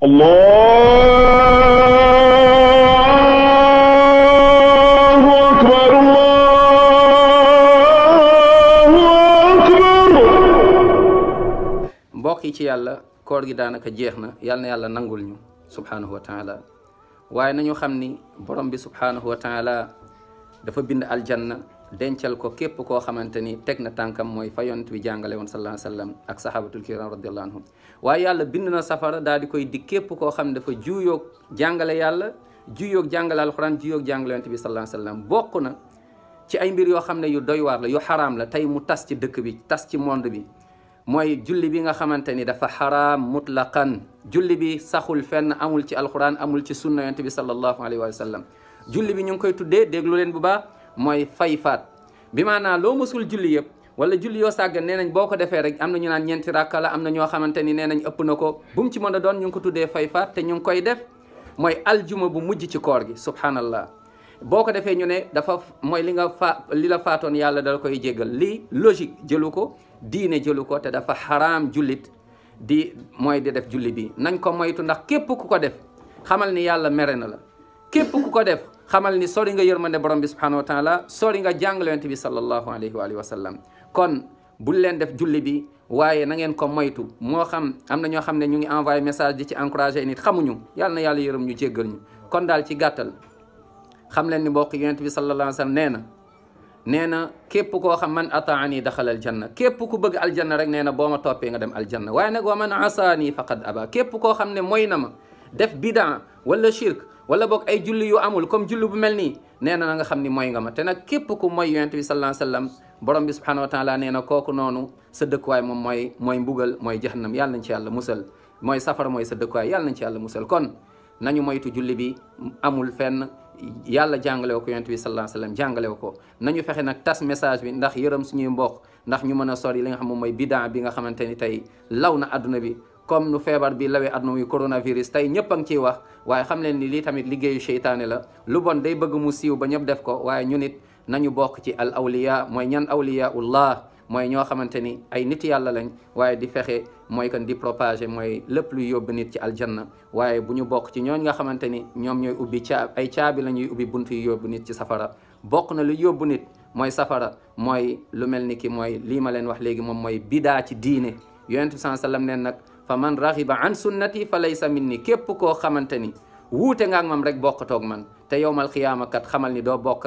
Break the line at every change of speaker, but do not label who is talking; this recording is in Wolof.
الله أكبر الله أكبر mbokk yi ci yàlla koor gi daanaka jeex na yàlla na yàlla nangul ñu subhaanahu wa taala waaye nañu xam ni borom bi subhaanahu wa taala dafa bind aljanna dencal ko képp koo xamante ni teg na tànkam mooy fa yonent bi jàngale woon sallallahu alayhi sallam ak sahabatul kiram radiallahu anhum waaye yàlla bind na safara daal di koy di képp koo xam ne dafa juuyoog jàngale yàlla juuyoog jàngale alquran juuyoog jàngale yonent bi sallallahu sallam bokk na ci ay mbir yoo xam ne yu doy waar la yu xaraam la tey mu tas ci dëkk bi tas ci monde bi mooy julli bi nga xamante ni dafa xaraam mutlaqan julli bi saxul fenn amul ci alquran amul ci sunna yonent bi sallallahu alayhi wa sallam julli bi ñu ngi koy tuddee déglu leen bu baax mooy fay faat bi maanaam loo mësul julli yëpp wala julli yoo sàggan nee nañ boo ko defee rek am na ñu naan ñeenti ràkka am na ñoo xamante ni nee nañ ëpp na ko bu mu ci mën a doon ñu ngi ko tuddee fay faat te ñu ngi koy def mooy aljuma bu mujj ci koor gi subhanallah boo ko defee ñu ne dafa mooy li nga fa li la faatoon yàlla dal koy jéggal lii logique jëlu ko diine jëlu ko te dafa xaraam jullit di mooy di def julli bi nañ ko moytu ndax képp ku ko def xamal ni yàlla mere na la képp ku ko def xamal ni sori nga yërmande borom bi subhanahu wa taala sori nga jàngale yonent bi sallallahu alayhi wa alihi wa sallam kon bul leen def julli bi waaye na ngeen ko moytu moo xam am na ñoo xam ne ñu ngi envoyé message di ci encouragé nit xamuñu yàlla na yàlla yërëm ñu jéggal ñu kon daal ci gàttal xam leen ni mbokk yonent bi sallallahu alayhi wa sallam nee na nee na képp koo xam man ataani daxala aljanna képp ku bëgg aljanna rek nee na boo ma toppee nga dem aljanna waaye nag wa man asaani faqad aba képp koo xam ne mooy na ma def bidaa wala shirk wala boog ay julli yu amul comme julli bu mel ni nee na na nga xam ni moy nga ma te nag képp ku mooy yonent bi sallallahu alayhi wasallam borom bi subhanahu wa taala nee na kooku noonu sa dëkkuwaay moom mooy moy bugal mooy jahannam yàlla nañ ci yàlla musal mooy safara mooy sa dëkkuwaay yàlla nañ ci yàlla musal kon nañu moytu julli bi amul fenn yàlla jàngale ko yonent bi sallallahu alayhi wasallam jàngale ko nañu fexe nag tas message bi ndax yërëm suñuy mbokk ndax ñu mën a sori li nga xam moom mooy bidaa bi nga xamante ni tey law na adduna bi comme nous feebar bi lawee at muy coronavirus tey ñëpp a ngi ciy wax waaye xam leen ni lii tamit liggéeyu seytaane la lu bon day bëgg mu siiw ba ñëpp def ko waaye ñu nit nañu ci al awliya mooy ñan awliyaullah mooy ñoo xamante ni ay nit yàlla lañ waaye di fexe moy kan di propager mooy lépp luy yob nit ci aljanna waaye bu ñu bokk ci ñooñ nga xamante ni ñoom ay caabi la ubi buntu yob nit ci safara bok na lu yóbbu nit safara moy lu melni ki moy li ma len wax legi mom moy bidaa ci diine yonent sallam nen nak fa man raxiba an sunnati fa laysa minni képp koo xamante ni wuute nga ak man rek bokkatoog man te yowmal xiyaama kat xamal ni doo bokk